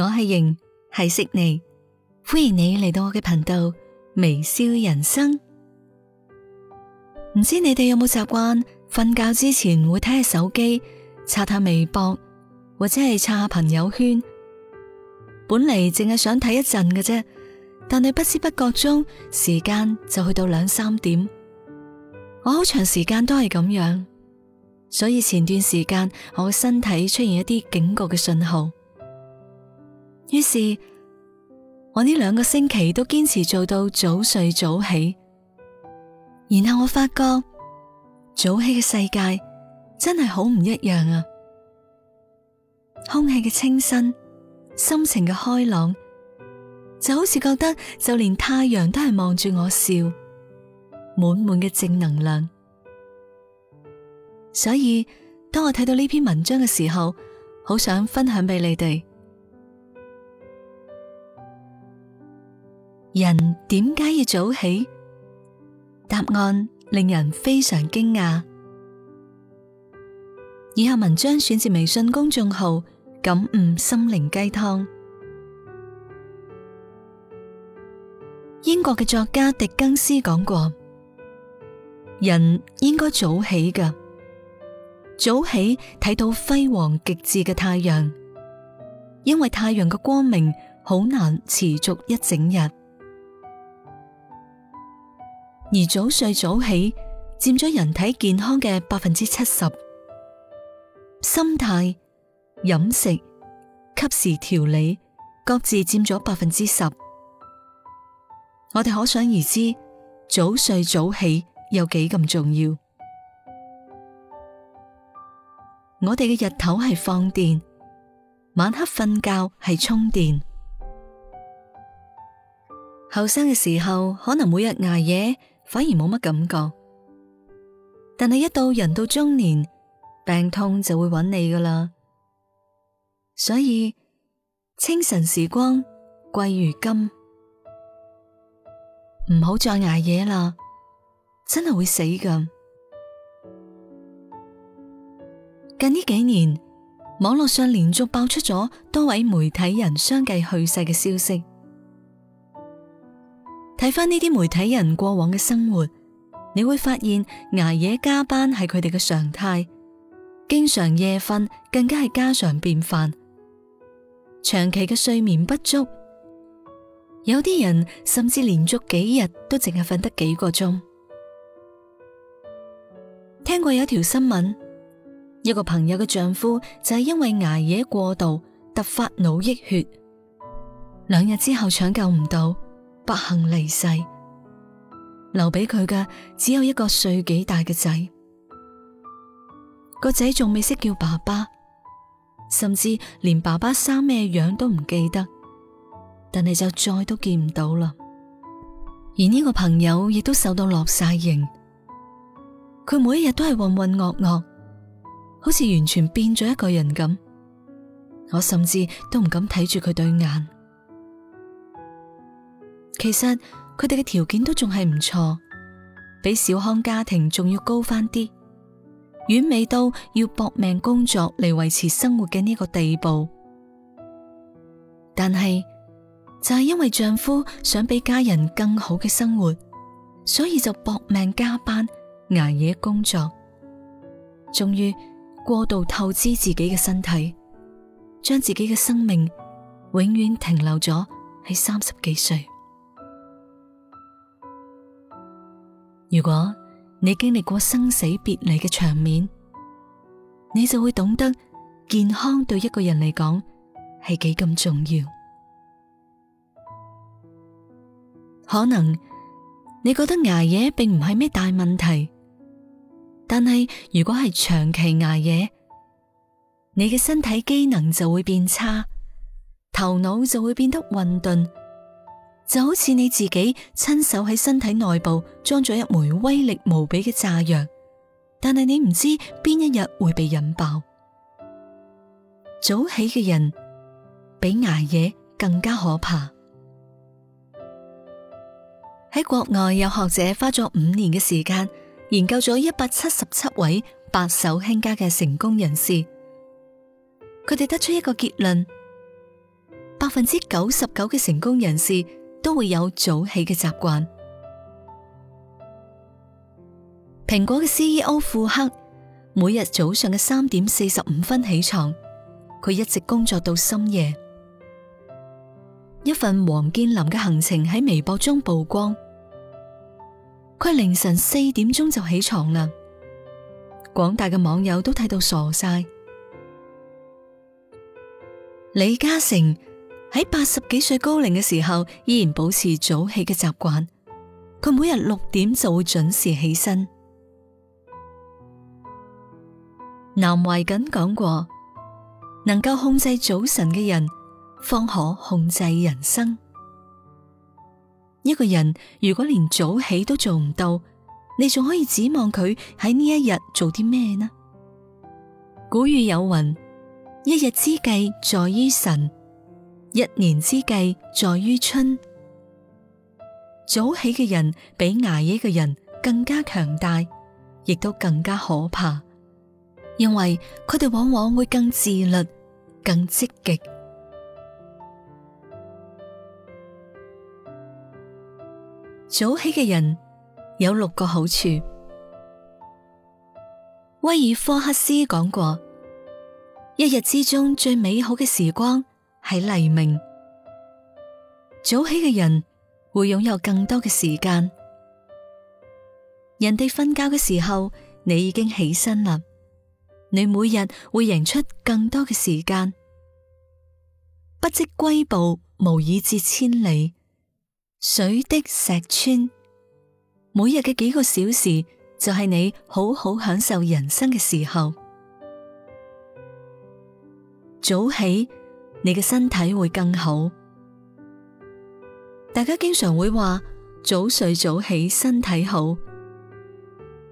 我係瑩，係悉尼，歡迎你嚟到我嘅頻道微笑人生。唔知你哋有冇習慣瞓覺之前會睇下手機，刷下微博或者係刷下朋友圈？本嚟淨係想睇一陣嘅啫，但你不知不覺中時間就去到兩三點。我好長時間都係咁樣，所以前段時間我身體出現一啲警告嘅信號。於是我呢兩個星期都堅持做到早睡早起，然後我發覺早起嘅世界真係好唔一樣啊！空氣嘅清新，心情嘅開朗，就好似覺得就連太陽都係望住我笑，滿滿嘅正能量。所以當我睇到呢篇文章嘅時候，好想分享俾你哋。人點解要早起？答案令人非常驚訝。以下文章選自微信公眾號《感悟心靈雞湯》。英國嘅作家狄更斯講過，人應該早起㗎，早起睇到輝煌極致嘅太陽，因為太陽嘅光明好難持續一整日。而早睡早起占咗人體健康嘅百分之七十，心態、飲食、及時調理各自占咗百分之十。我哋可想而知，早睡早起有幾咁重要。我哋嘅日頭係放電，晚黑瞓覺係充電。後生嘅時候可能每日捱夜。反而冇乜感覺，但係一到人到中年，病痛就會揾你噶啦。所以清晨時光貴如金，唔好再捱夜啦，真係會死噶。近呢幾年，網絡上連續爆出咗多位媒體人相繼去世嘅消息。睇翻呢啲媒體人過往嘅生活，你會發現挨夜加班係佢哋嘅常態，經常夜瞓更加係家常便飯，長期嘅睡眠不足，有啲人甚至連續幾日都淨係瞓得幾個鐘。聽過有條新聞，一個朋友嘅丈夫就係因為挨夜過度，突發腦溢血，兩日之後搶救唔到。不幸離世，留俾佢嘅只有一個歲幾大嘅仔，個仔仲未識叫爸爸，甚至連爸爸生咩樣都唔記得，但係就再都見唔到啦。而呢個朋友亦都瘦到落晒型，佢每一日都係渾渾噩噩，好似完全變咗一個人咁，我甚至都唔敢睇住佢對眼。其實佢哋嘅條件都仲係唔錯，比小康家庭仲要高翻啲，遠未到要搏命工作嚟維持生活嘅呢個地步。但係就係因為丈夫想俾家人更好嘅生活，所以就搏命加班挨夜工作，終於過度透支自己嘅身體，將自己嘅生命永遠停留咗喺三十幾歲。如果你經歷過生死別離嘅場面，你就會懂得健康對一個人嚟講係幾咁重要。可能你覺得挨夜並唔係咩大問題，但係如果係長期挨夜，你嘅身體機能就會變差，頭腦就會變得混沌。就好似你自己親手喺身體內部裝咗一枚威力無比嘅炸藥，但係你唔知邊一日會被引爆。早起嘅人比捱夜更加可怕。喺國外有學者花咗五年嘅時間研究咗一百七十七位白手興家嘅成功人士，佢哋得出一個結論：百分之九十九嘅成功人士。都會有早起嘅習慣。蘋果嘅 CEO 庫克每日早上嘅三點四十五分起床，佢一直工作到深夜。一份王健林嘅行程喺微博中曝光，佢凌晨四點鐘就起床啦，廣大嘅網友都睇到傻晒。李嘉誠。喺八十幾歲高齡嘅時候，依然保持早起嘅習慣。佢每日六點就會準時起身。南懷瑾講過，能夠控制早晨嘅人，方可控制人生。一個人如果連早起都做唔到，你仲可以指望佢喺呢一日做啲咩呢？古語有云：一日之計在於晨。一年之計在於春。早起嘅人比捱夜嘅人更加強大，亦都更加可怕，因為佢哋往往會更自律，更積極。早起嘅人有六個好處。威爾科克斯講過：一日之中最美好嘅時光，喺黎明，早起嘅人會擁有更多嘅時間。人哋瞓覺嘅時候，你已經起身啦。你每日會贏出更多嘅時間。不積跬步，無以至千里。水滴石穿。每日嘅幾個小時，就係你好好享受人生嘅時候。早起。你嘅身體會更好。大家經常會話，早睡早起身體好。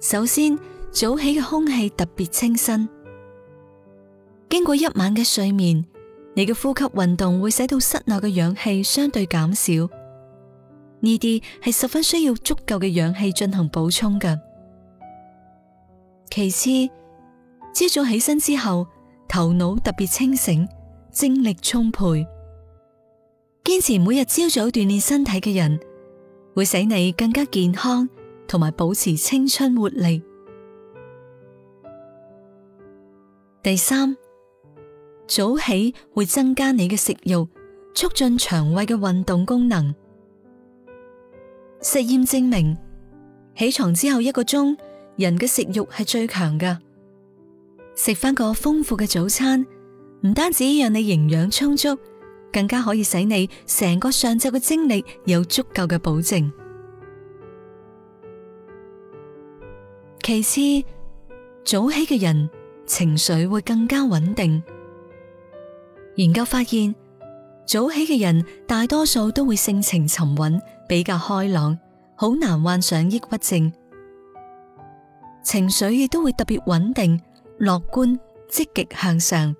首先，早起嘅空氣特別清新。經過一晚嘅睡眠，你嘅呼吸運動會使到室內嘅氧氣相對減少，呢啲係十分需要足夠嘅氧氣進行補充嘅。其次，朝早起身之後，頭腦特別清醒。精力充沛，堅持每日朝早鍛煉身體嘅人，會使你更加健康，同埋保持青春活力。第三，早起會增加你嘅食慾，促進腸胃嘅運動功能。實驗證明，起床之後一個鐘，人嘅食慾係最強㗎。食返個豐富嘅早餐。唔單止讓你營養充足，更加可以使你成個上晝嘅精力有足夠嘅保證。其次，早起嘅人情緒會更加穩定。研究發現，早起嘅人大多數都會性情沉穩，比較開朗，好難患上抑鬱症，情緒亦都會特別穩定、樂觀、積極向上。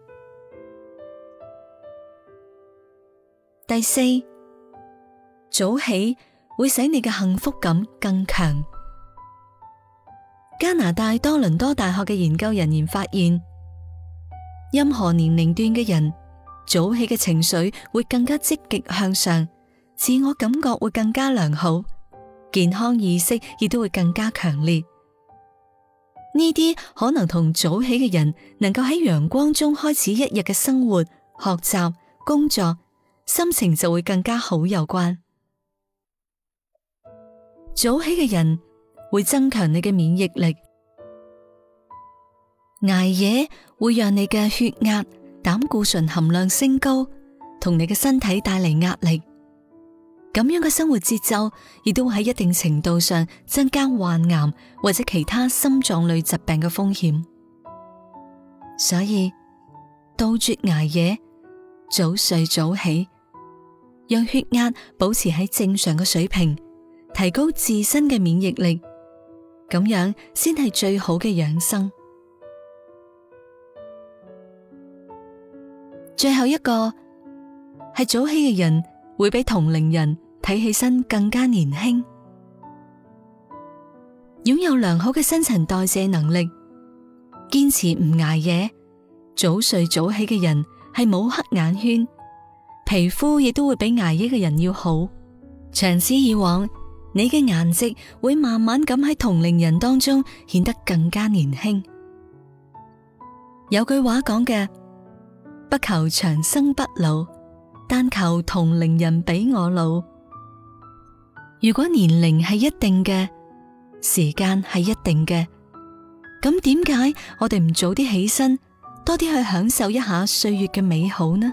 第四，早起會使你嘅幸福感更強。加拿大多倫多大學嘅研究人員發現，任何年齡段嘅人，早起嘅情緒會更加積極向上，自我感覺會更加良好，健康意識亦都會更加強烈。呢啲可能同早起嘅人能夠喺陽光中開始一日嘅生活、學習、工作。心情就會更加好有關。早起嘅人會增強你嘅免疫力，挨夜會讓你嘅血壓、膽固醇含量升高，同你嘅身體帶嚟壓力。咁樣嘅生活節奏，亦都會喺一定程度上增加患癌或者其他心臟類疾病嘅風險。所以杜絕挨夜，早睡早起。讓血壓保持喺正常嘅水平，提高自身嘅免疫力，咁樣先係最好嘅養生。 最後一個係早起嘅人會比同齡人睇起身更加年輕，擁有良好嘅新陳代謝能力，堅持唔捱夜，早睡早起嘅人係冇黑眼圈。皮膚亦都會比捱夜嘅人要好，長此以往，你嘅顏值會慢慢咁喺同齡人當中顯得更加年輕。有句話講嘅：不求長生不老，但求同齡人比我老。如果年齡係一定嘅，時間係一定嘅，咁點解我哋唔早啲起身，多啲去享受一下歲月嘅美好呢？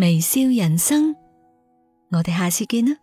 微笑人生，我哋下次見啦。